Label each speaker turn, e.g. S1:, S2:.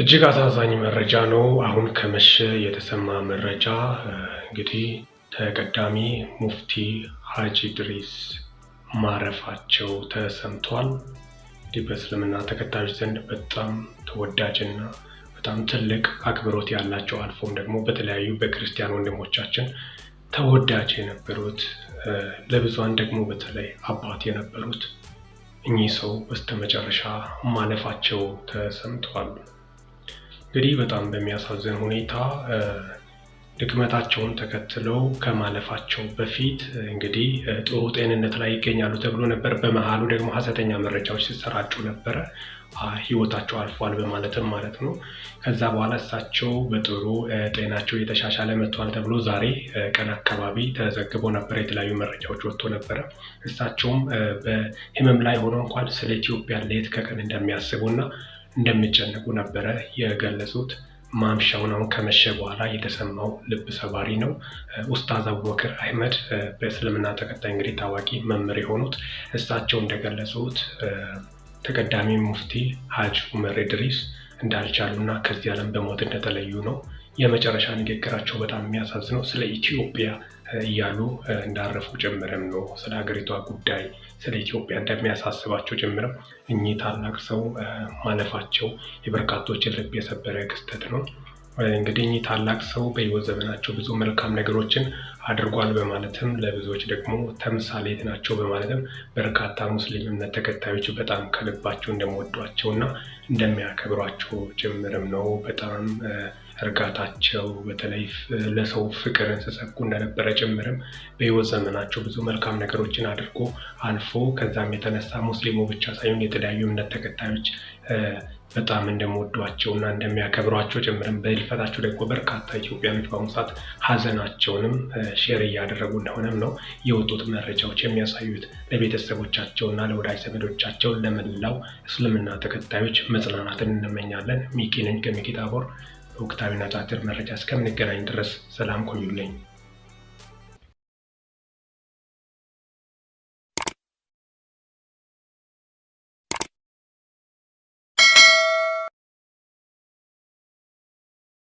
S1: እጅግ አሳዛኝ መረጃ ነው። አሁን ከመሸ የተሰማ መረጃ እንግዲህ ተቀዳሚ ሙፍቲ ሀጂ ድሪስ ማረፋቸው ተሰምቷል። እንዲህ በእስልምና ተከታዮች ዘንድ በጣም ተወዳጅና በጣም ትልቅ አክብሮት ያላቸው አልፎም ደግሞ በተለያዩ በክርስቲያን ወንድሞቻችን ተወዳጅ የነበሩት ለብዙን ደግሞ በተለይ አባት የነበሩት እኚህ ሰው በስተመጨረሻ ማለፋቸው ተሰምተዋል። እንግዲህ በጣም በሚያሳዝን ሁኔታ ድክመታቸውን ተከትለው ከማለፋቸው በፊት እንግዲህ ጥሩ ጤንነት ላይ ይገኛሉ ተብሎ ነበር። በመሃሉ ደግሞ ሀሰተኛ መረጃዎች ሲሰራጩ ነበረ። ህይወታቸው አልፏል በማለትም ማለት ነው። ከዛ በኋላ እሳቸው በጥሩ ጤናቸው የተሻሻለ መጥቷል ተብሎ ዛሬ ቀን አካባቢ ተዘግቦ ነበር። የተለያዩ መረጃዎች ወጥቶ ነበረ። እሳቸውም በህመም ላይ ሆኖ እንኳን ስለ ኢትዮጵያ ሌት ከቀን እንደሚያስቡ እና እንደሚጨነቁ ነበረ የገለጹት። ማምሻውን አሁን ከመሸ በኋላ የተሰማው ልብ ሰባሪ ነው። ኡስታዝ አቡበክር አህመድ በእስልምና ተከታይ እንግዲህ ታዋቂ መምህር የሆኑት እሳቸው እንደገለጹት ተቀዳሚ ሙፍቲ ሀጅ ኡመር ኢድሪስ እንዳልቻሉና ከዚህ ዓለም በሞት እንደተለዩ ነው። የመጨረሻ ንግግራቸው በጣም የሚያሳዝነው ስለ ኢትዮጵያ እያሉ እንዳረፉ ጭምርም ነው። ስለ ሀገሪቷ ጉዳይ ስለ ኢትዮጵያ እንደሚያሳስባቸው ጭምርም እኚህ ታላቅ ሰው ማለፋቸው የበርካቶችን ልብ የሰበረ ክስተት ነው። እንግዲህ እኚህ ታላቅ ሰው በህይወት ዘመናቸው ብዙ መልካም ነገሮችን አድርጓል በማለትም ለብዙዎች ደግሞ ተምሳሌት ናቸው በማለትም በርካታ ሙስሊም እምነት ተከታዮች በጣም ከልባቸው እንደሚወዷቸው እና እንደሚያከብሯቸው ጭምርም ነው። በጣም እርጋታቸው በተለይ ለሰው ፍቅርን ሲሰብኩ እንደነበረ ጭምርም በህይወት ዘመናቸው ብዙ መልካም ነገሮችን አድርጎ አልፎ ከዛም የተነሳ ሙስሊሙ ብቻ ሳይሆን የተለያዩ እምነት ተከታዮች በጣም እንደሚወዷቸው እና እንደሚያከብሯቸው ጭምርም በህልፈታቸው ደግሞ በርካታ ኢትዮጵያኖች በአሁኑ ሰዓት ሀዘናቸውንም ሼር እያደረጉ እንደሆነም ነው የወጡት መረጃዎች የሚያሳዩት። ለቤተሰቦቻቸውና ለወዳጅ ዘመዶቻቸው ለመላው እስልምና ተከታዮች መጽናናትን እንመኛለን። ሚኪ ነኝ ከሚኪታቦር። በወቅታዊና ጫጭር መረጃ እስከምንገናኝ ድረስ ሰላም ቆዩልኝ።